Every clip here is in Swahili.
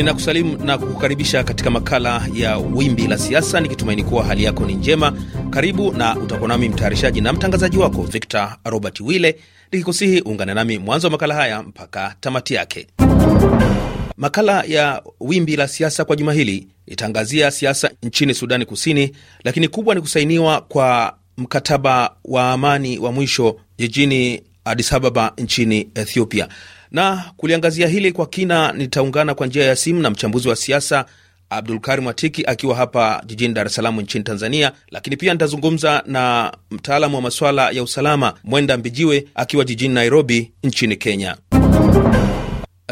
Ninakusalimu na kukukaribisha katika makala ya Wimbi la Siasa, nikitumaini kuwa hali yako ni njema. Karibu na utakuwa nami mtayarishaji na mtangazaji wako Victor Robert Wille, nikikusihi uungane nami mwanzo wa makala haya mpaka tamati yake. Makala ya Wimbi la Siasa kwa juma hili itaangazia siasa nchini Sudani Kusini, lakini kubwa ni kusainiwa kwa mkataba wa amani wa mwisho jijini adisababa nchini Ethiopia. Na kuliangazia hili kwa kina, nitaungana kwa njia ya simu na mchambuzi wa siasa Abdulkarim Watiki akiwa hapa jijini Dar es Salaam nchini Tanzania, lakini pia nitazungumza na mtaalamu wa masuala ya usalama Mwenda Mbijiwe akiwa jijini Nairobi nchini Kenya.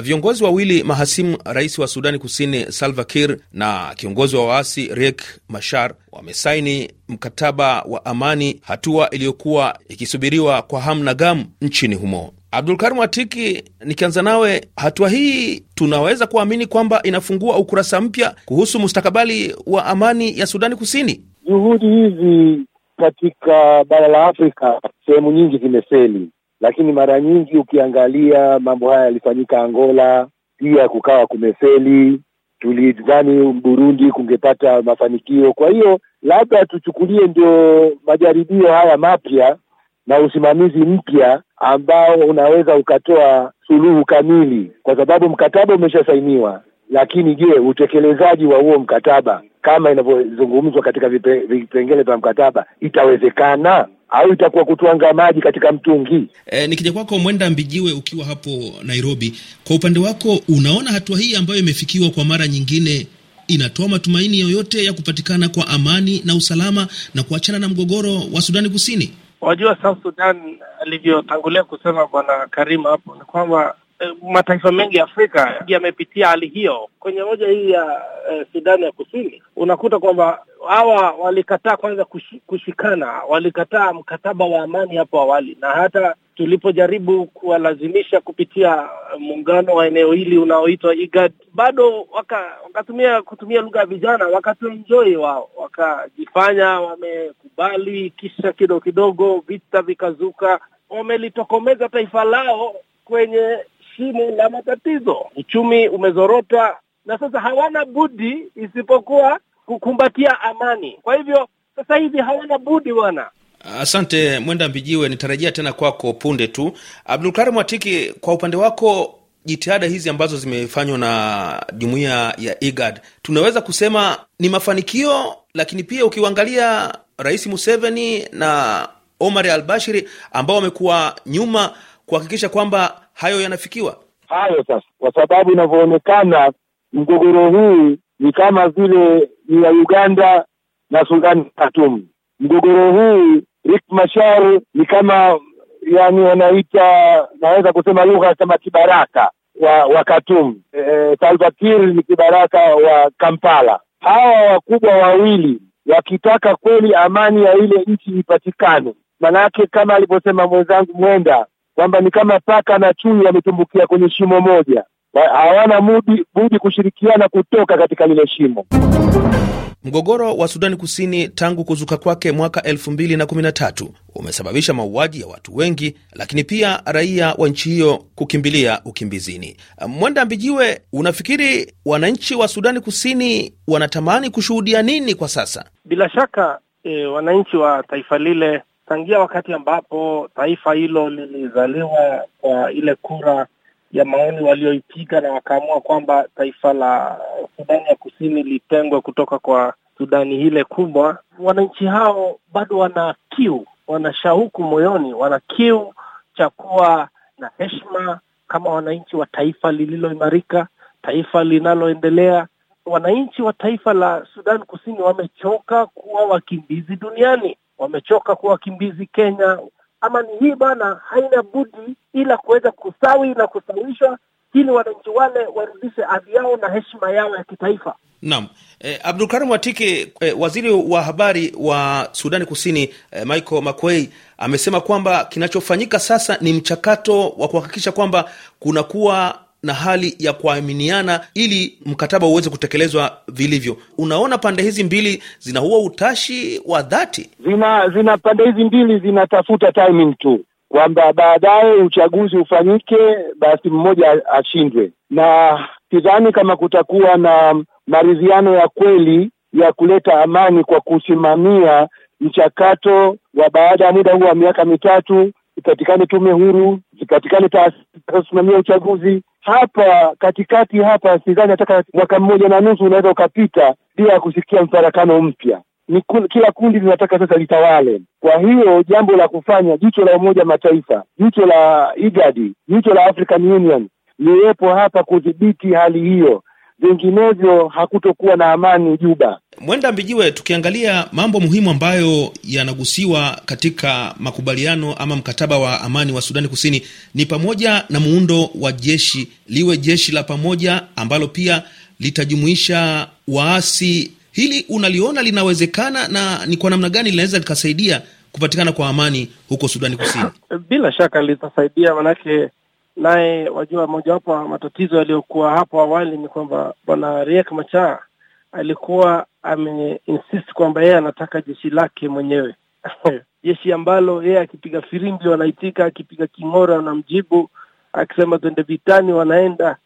Viongozi wawili mahasimu, rais wa Sudani Kusini Salva Kiir na kiongozi wa waasi Riek Machar wamesaini mkataba wa amani, hatua iliyokuwa ikisubiriwa kwa hamu na gamu nchini humo. Abdulkarim Atiki, nikianza nawe, hatua hii tunaweza kuamini kwamba inafungua ukurasa mpya kuhusu mustakabali wa amani ya Sudani Kusini. Juhudi hizi katika bara la Afrika sehemu nyingi zimefeli, lakini mara nyingi ukiangalia mambo haya yalifanyika Angola, pia kukawa kumefeli. Tulidhani Burundi kungepata mafanikio. Kwa hiyo labda tuchukulie ndio majaribio haya mapya na usimamizi mpya ambao unaweza ukatoa suluhu kamili, kwa sababu mkataba umeshasainiwa. Lakini je, utekelezaji wa huo mkataba kama inavyozungumzwa katika vipengele vya mkataba itawezekana au itakuwa kutwanga maji katika mtungi? E, nikija kwako Mwenda Mbijiwe, ukiwa hapo Nairobi, kwa upande wako unaona hatua hii ambayo imefikiwa kwa mara nyingine inatoa matumaini yoyote ya kupatikana kwa amani na usalama na kuachana na mgogoro wa Sudani Kusini? Wajua South Sudan alivyotangulia kusema Bwana Karima hapo ni kwamba Eh, mataifa mengi ya Afrika yamepitia hali hiyo. Kwenye moja hii ya eh, Sudani ya Kusini unakuta kwamba hawa walikataa kwanza kush, kushikana, walikataa mkataba wa amani hapo awali, na hata tulipojaribu kuwalazimisha kupitia eh, muungano wa eneo hili unaoitwa IGAD bado waka, wakatumia kutumia lugha ya vijana, wakatuenjoi wao, wakajifanya wamekubali, kisha kidogo kidogo vita vikazuka, wamelitokomeza taifa lao kwenye shimo la matatizo. Uchumi umezorota na sasa hawana budi isipokuwa kukumbatia amani. Kwa hivyo sasa hivi hawana budi wana Asante Mwenda Mbijiwe, nitarejea tena kwako punde tu. Abdulkarim Watiki, kwa upande wako, jitihada hizi ambazo zimefanywa na jumuiya ya IGAD tunaweza kusema ni mafanikio, lakini pia ukiwangalia Rais Museveni na Omar al Bashiri ambao wamekuwa nyuma kuhakikisha kwamba hayo yanafikiwa hayo sasa, kwa sababu inavyoonekana mgogoro huu ni kama vile ni ya Uganda na Sudani Khartoum. Mgogoro huu rik Machar ni kama yani wanaita naweza kusema lugha kama kibaraka wa wa Khartoum. E, e, Salva Kiir ni kibaraka wa Kampala. Hawa wakubwa wawili wakitaka kweli amani ya ile nchi ipatikane, manake kama alivyosema mwenzangu Mwenda, kwamba ni kama paka na chui wametumbukia kwenye shimo moja, hawana mudi budi kushirikiana kutoka katika lile shimo. Mgogoro wa Sudani Kusini tangu kuzuka kwake mwaka 2013 umesababisha mauaji ya watu wengi, lakini pia raia wa nchi hiyo kukimbilia ukimbizini. Mwenda Mbijiwe, unafikiri wananchi wa Sudani Kusini wanatamani kushuhudia nini kwa sasa? Bila shaka e, wananchi wa taifa lile tangia wakati ambapo taifa hilo lilizaliwa kwa ile kura ya maoni walioipiga na wakaamua kwamba taifa la Sudani ya Kusini litengwe kutoka kwa Sudani ile kubwa. Wananchi hao bado wana kiu, wana shauku moyoni, wana kiu cha kuwa na heshma kama wananchi wa taifa lililoimarika, taifa linaloendelea. Wananchi wa taifa la Sudan Kusini wamechoka kuwa wakimbizi duniani wamechoka kuwa wakimbizi Kenya, ama ni hii bana, haina budi ila kuweza kusawi na kusawishwa ili wananchi wale warudishe adhi yao na heshima yao ya kitaifa. Naam. Eh, Abdulkarim Watike, eh, waziri wa habari wa Sudani Kusini, eh, Michael Makwei amesema kwamba kinachofanyika sasa ni mchakato wa kuhakikisha kwamba kunakuwa na hali ya kuaminiana ili mkataba uweze kutekelezwa vilivyo. Unaona, pande hizi mbili zina huo utashi wa dhati, zina zina pande hizi mbili zinatafuta timing tu kwamba baadaye uchaguzi ufanyike, basi mmoja ashindwe, na sidhani kama kutakuwa na maridhiano ya kweli ya kuleta amani kwa kusimamia mchakato wa baada ya muda huu wa miaka mitatu, ipatikane tume huru, zipatikane taasisi zinazosimamia uchaguzi, hapa katikati hapa, sidhani hata mwaka mmoja na nusu unaweza ukapita bila ya kusikia mfarakano mpya. Ni kila kundi linataka sasa litawale. Kwa hiyo jambo la kufanya, jicho la Umoja Mataifa, jicho la IGADI, jicho la African Union liwepo hapa kudhibiti hali hiyo vinginevyo hakutokuwa na amani Juba. Mwenda Mbijiwe, tukiangalia mambo muhimu ambayo yanagusiwa katika makubaliano ama mkataba wa amani wa Sudani Kusini ni pamoja na muundo wa jeshi liwe jeshi la pamoja ambalo pia litajumuisha waasi. Hili unaliona linawezekana na ni kwa namna gani linaweza likasaidia kupatikana kwa amani huko Sudani Kusini? Bila shaka litasaidia, manake naye wajua, mojawapo wa matatizo yaliyokuwa hapo awali ni kwamba bwana Riek Machar alikuwa ameinsist kwamba yeye anataka jeshi lake mwenyewe jeshi ambalo yeye akipiga firimbi wanaitika, akipiga king'ora wanamjibu, akisema twende vitani wanaenda.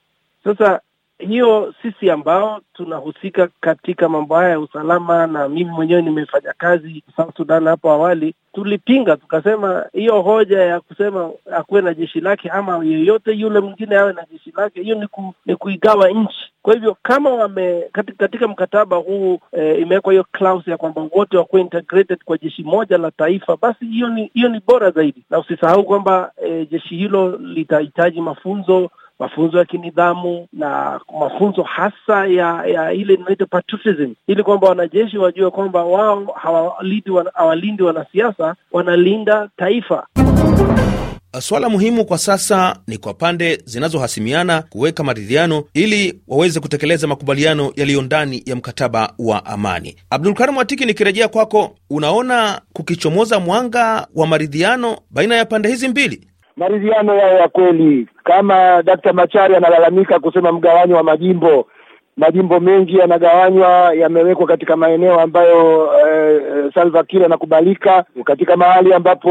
Sasa hiyo sisi ambao tunahusika katika mambo haya ya usalama, na mimi mwenyewe nimefanya kazi South Sudan hapo awali, tulipinga tukasema, hiyo hoja ya kusema akuwe na jeshi lake ama yeyote yule mwingine awe na jeshi lake, hiyo ni, ku, ni kuigawa nchi. Kwa hivyo kama wame katika, katika mkataba huu e, imewekwa hiyo clause ya kwamba wote wakuwe integrated kwa jeshi moja la taifa, basi hiyo ni hiyo ni bora zaidi, na usisahau kwamba e, jeshi hilo litahitaji mafunzo mafunzo ya kinidhamu na mafunzo hasa ya ya ile inaita patriotism, ili kwamba wanajeshi wajue kwamba wao hawalindi wanasiasa, wanalinda taifa. Swala muhimu kwa sasa ni kwa pande zinazohasimiana kuweka maridhiano ili waweze kutekeleza makubaliano yaliyo ndani ya mkataba wa amani. Abdulkarim Watiki, nikirejea kwako, unaona kukichomoza mwanga wa maridhiano baina ya pande hizi mbili maridhiano yao ya kweli. Kama Dkt. Machari analalamika kusema mgawanyo wa majimbo, majimbo mengi yanagawanywa, yamewekwa katika maeneo ambayo eh, Salva Kiir anakubalika, katika mahali ambapo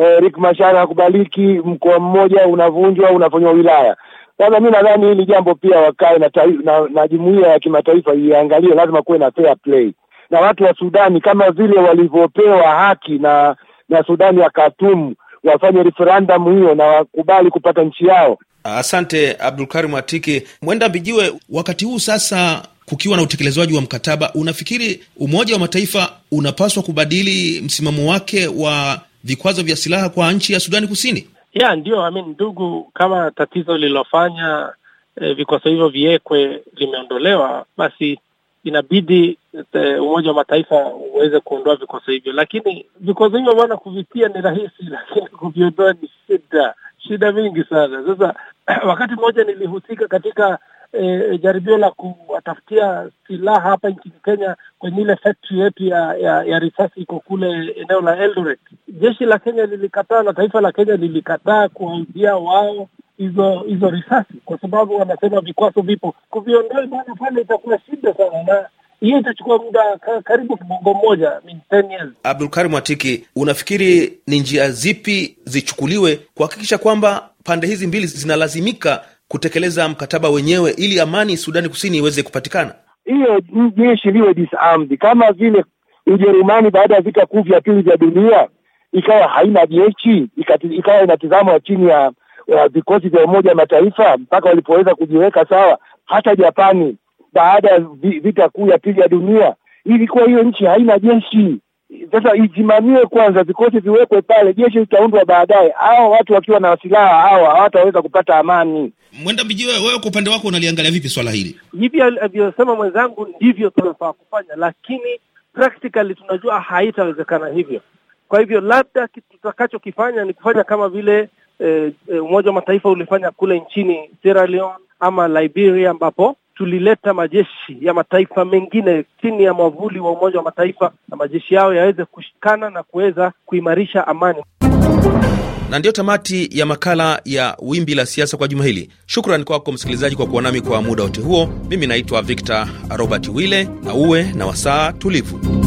eh, Riek Machar hakubaliki. Mkoa mmoja unavunjwa unafanywa wilaya. Sasa mi nadhani hili jambo pia wakae na, na, na jumuiya ya kimataifa iangalie, lazima kuwe na fair play na watu wa Sudani kama vile walivyopewa haki na na Sudani ya Khartoum wafanye referendum hiyo na wakubali kupata nchi yao. Asante Abdulkarim Atiki Mwenda Mbijiwe. Wakati huu sasa kukiwa na utekelezaji wa mkataba, unafikiri Umoja wa Mataifa unapaswa kubadili msimamo wake wa vikwazo vya silaha kwa nchi ya Sudani Kusini? ya ndiyo, I mean, ndugu, kama tatizo lililofanya eh, vikwazo hivyo viwekwe limeondolewa, basi inabidi te, eh, Umoja wa Mataifa uweze kuondoa vikwazo hivyo, lakini vikwazo hivyo bwana, kuvitia ni rahisi, lakini kuviondoa ni shida, shida mingi sana. Sasa wakati mmoja nilihusika katika E, jaribio la kuwatafutia silaha hapa nchini Kenya kwenye ile factory yetu ya, ya ya risasi iko kule eneo la Eldoret. Jeshi la Kenya lilikataa na taifa la Kenya lilikataa kuwauzia wao hizo hizo risasi, kwa sababu wanasema vikwazo vipo. Kuviondoa bana pale itakuwa shida sana, na hiyo itachukua muda karibu kibongo mmoja, Abdul Karim Watiki, unafikiri ni njia zipi zichukuliwe kuhakikisha kwamba pande hizi mbili zinalazimika kutekeleza mkataba wenyewe ili amani Sudani Kusini iweze kupatikana? Hiyo jeshi liwe disarmed kama vile Ujerumani baada ya vita kuu vya pili vya dunia ikawa haina jeshi ikawa inatizamwa chini ya ya eh, vikosi vya Umoja Mataifa mpaka walipoweza kujiweka sawa. Hata Japani baada ya vita kuu ya pili ya dunia ilikuwa hiyo nchi haina jeshi. Sasa isimamiwe kwanza, vikosi viwekwe pale, jeshi litaundwa baadaye. Hao watu wakiwa na silaha hawa hawataweza kupata amani. Mwenda Mbijiwe, wewe kwa upande wako unaliangalia vipi swala hili? Hivi alivyosema mwenzangu ndivyo tunafaa kufanya, lakini practically tunajua haitawezekana hivyo. Kwa hivyo labda tutakachokifanya ni kufanya kama vile eh, eh, Umoja wa Mataifa ulifanya kule nchini Sierra Leone ama Liberia, ambapo tulileta majeshi ya mataifa mengine chini ya mwavuli wa Umoja wa Mataifa na majeshi yao yaweze kushikana na kuweza kuimarisha amani. Na ndiyo tamati ya makala ya Wimbi la Siasa kwa juma hili. Shukran kwako msikilizaji kwa kuwa nami kwa muda wote huo. Mimi naitwa Victor Robert wille na uwe na wasaa tulivu.